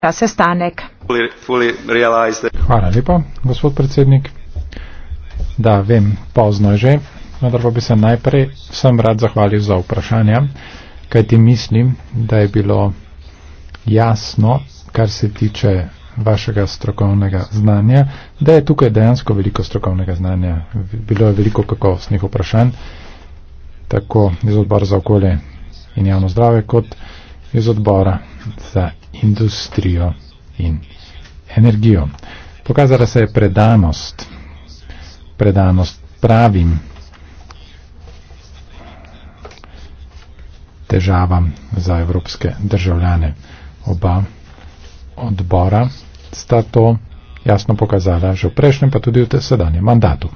ta sestanek. Hvala lepa, gospod predsednik. Da, vem, pozno je že, vendar pa bi se najprej vsem rad zahvalil za vprašanja, kajti mislim, da je bilo jasno, kar se tiče vašega strokovnega znanja, da je tukaj dejansko veliko strokovnega znanja. Bilo je veliko kakovostnih vprašanj, tako iz odbora za okolje in javno zdrave, kot iz odbora za industrijo in energijo. Pokazala se je predanost, predanost pravim težavam za evropske državljane. Oba odbora sta to jasno pokazala že v prejšnjem, pa tudi v sedanjem mandatu.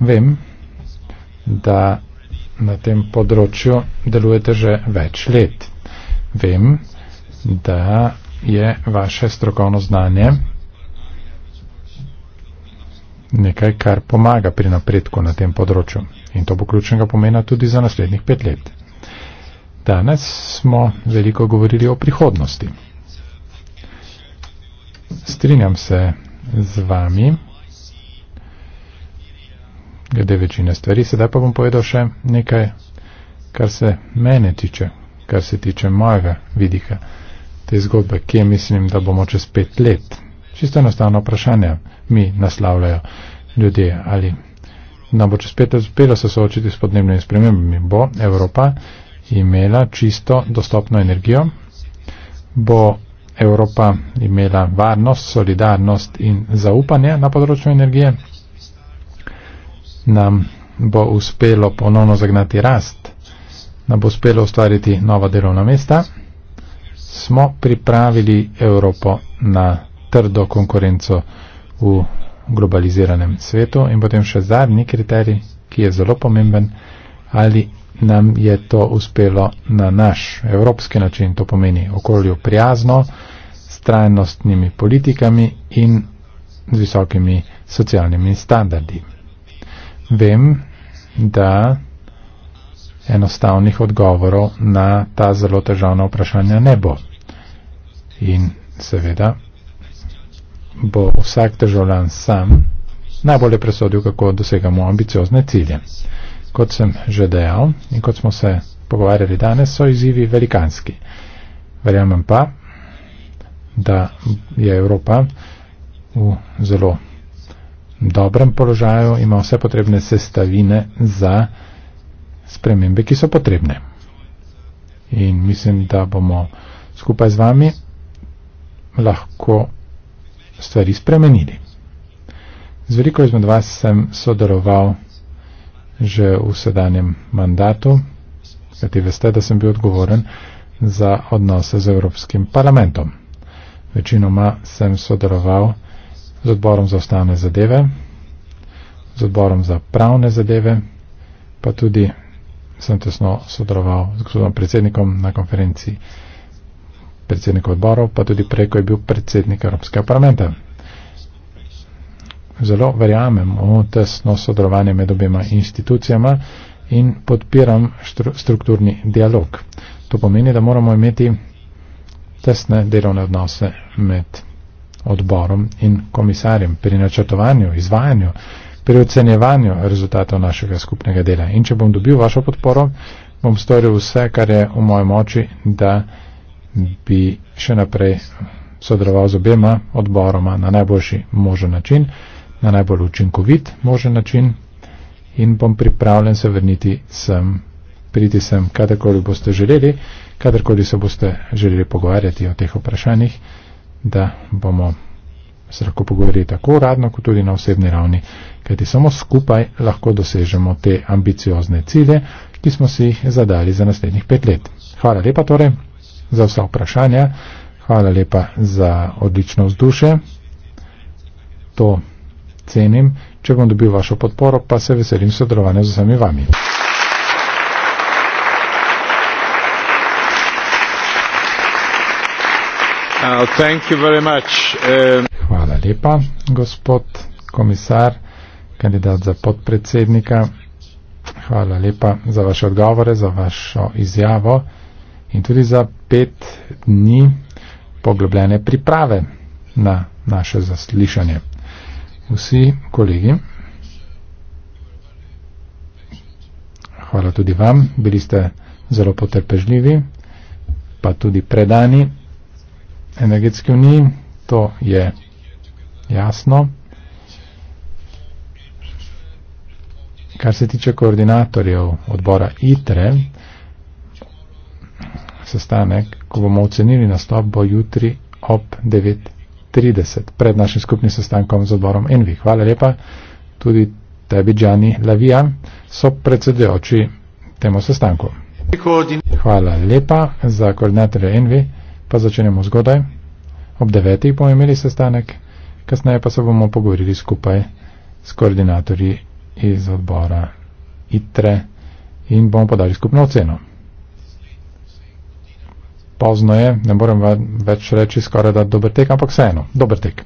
Vem, da na tem področju delujete že več let vem, da je vaše strokovno znanje nekaj, kar pomaga pri napredku na tem področju. In to bo ključnega pomena tudi za naslednjih pet let. Danes smo veliko govorili o prihodnosti. Strinjam se z vami glede večine stvari. Sedaj pa bom povedal še nekaj, kar se mene tiče, kar se tiče mojega vidika, te zgodbe, kje mislim, da bomo čez pet let. Čisto enostavno vprašanje mi naslavljajo ljudje, ali nam bo čez pet let uspelo se soočiti s podnebnimi spremembami. Bo Evropa imela čisto dostopno energijo, bo Evropa imela varnost, solidarnost in zaupanje na področju energije, nam bo uspelo ponovno zagnati rast, nam bo uspelo ustvariti nova delovna mesta, smo pripravili Evropo na trdo konkurenco v globaliziranem svetu in potem še zadnji kriterij, ki je zelo pomemben, ali nam je to uspelo na naš evropski način, to pomeni okolju prijazno, s trajnostnimi politikami in z visokimi socialnimi standardi. Vem, da enostavnih odgovorov na ta zelo težavna vprašanja ne bo. In seveda bo vsak državljan sam najbolje presodil, kako dosegamo ambiciozne cilje. Kot sem že dejal in kot smo se pogovarjali danes, so izzivi velikanski. Verjamem pa, da je Evropa v zelo dobrem položaju, ima vse potrebne sestavine za spremembe, ki so potrebne. In mislim, da bomo skupaj z vami lahko stvari spremenili. Z veliko izmed vas sem sodeloval že v sedanjem mandatu, kajti veste, da sem bil odgovoren za odnose z Evropskim parlamentom. Večinoma sem sodeloval z odborom za ostane zadeve, z odborom za pravne zadeve, pa tudi sem tesno sodeloval z gospodom predsednikom na konferenci predsednikov odborov, pa tudi preko je bil predsednik Evropskega parlamenta. Zelo verjamem v tesno sodelovanje med obema institucijama in podpiram štru, strukturni dialog. To pomeni, da moramo imeti tesne delovne odnose med odborom in komisarjem pri načrtovanju, izvajanju pri ocenjevanju rezultatov našega skupnega dela. In če bom dobil vašo podporo, bom storil vse, kar je v moje moči, da bi še naprej sodeloval z obema odboroma na najboljši možen način, na najbolj učinkovit možen način in bom pripravljen se vrniti sem, priti sem, kadarkoli boste želeli, kadarkoli se boste želeli pogovarjati o teh vprašanjih, da bomo se lahko pogovori tako uradno, kot tudi na osebni ravni, kajti samo skupaj lahko dosežemo te ambiciozne cilje, ki smo si jih zadali za naslednjih pet let. Hvala lepa torej za vsa vprašanja, hvala lepa za odlično vzdušje, to cenim. Če bom dobil vašo podporo, pa se veselim sodelovanja z vsemi vami. Uh, thank you very much. Uh lepa, gospod komisar, kandidat za podpredsednika. Hvala lepa za vaše odgovore, za vašo izjavo in tudi za pet dni poglobljene priprave na naše zaslišanje. Vsi kolegi, hvala tudi vam, bili ste zelo potrpežljivi, pa tudi predani Energetski uniji. To je jasno. Kar se tiče koordinatorjev odbora ITRE, sestanek, ko bomo ocenili nastop, bo jutri ob 9.30 pred našim skupnim sestankom z odborom Envi. Hvala lepa tudi tebi, Džani Lavija, so predsedujoči temu sestanku. Hvala lepa za koordinatorja Envi, pa začenjamo zgodaj. Ob 9.00 bomo imeli sestanek. Kasneje pa se bomo pogovorili skupaj s koordinatorji iz odbora ITRE in bomo podali skupno oceno. Pozno je, ne morem več reči skoraj da dober tek, ampak vseeno, dober tek.